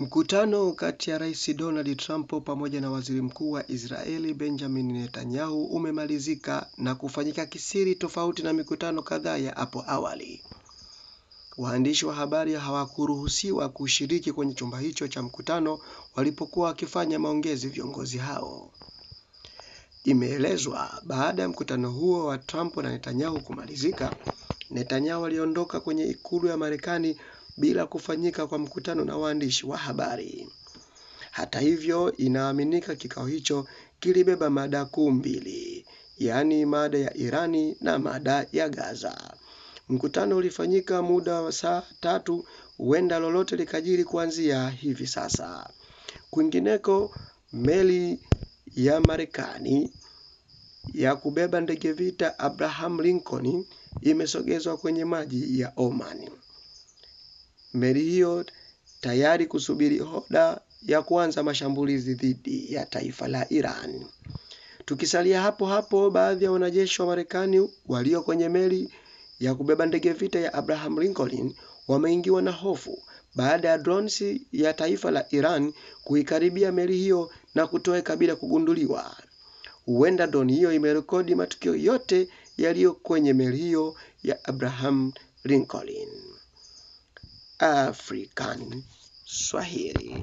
Mkutano kati ya Rais Donald Trump pamoja na Waziri Mkuu wa Israeli Benjamin Netanyahu umemalizika na kufanyika kisiri tofauti na mikutano kadhaa ya hapo awali. Waandishi wa habari hawakuruhusiwa kushiriki kwenye chumba hicho cha mkutano walipokuwa wakifanya maongezi viongozi hao. Imeelezwa baada ya mkutano huo wa Trump na Netanyahu kumalizika, Netanyahu aliondoka kwenye ikulu ya Marekani bila kufanyika kwa mkutano na waandishi wa habari. Hata hivyo, inaaminika kikao hicho kilibeba mada kuu mbili, yaani mada ya Irani na mada ya Gaza. Mkutano ulifanyika muda wa saa tatu, huenda lolote likajiri kuanzia hivi sasa. Kwingineko, meli ya Marekani ya kubeba ndege vita Abraham Lincoln imesogezwa kwenye maji ya Oman meli hiyo tayari kusubiri oda ya kuanza mashambulizi dhidi ya taifa la Iran. Tukisalia hapo hapo, baadhi ya wanajeshi wa Marekani walio kwenye meli ya kubeba ndege vita ya Abraham Lincoln wameingiwa na hofu baada ya drones ya taifa la Iran kuikaribia meli hiyo na kutoweka bila kugunduliwa. Huenda drone hiyo imerekodi matukio yote yaliyo kwenye meli hiyo ya Abraham Lincoln. African Swahili.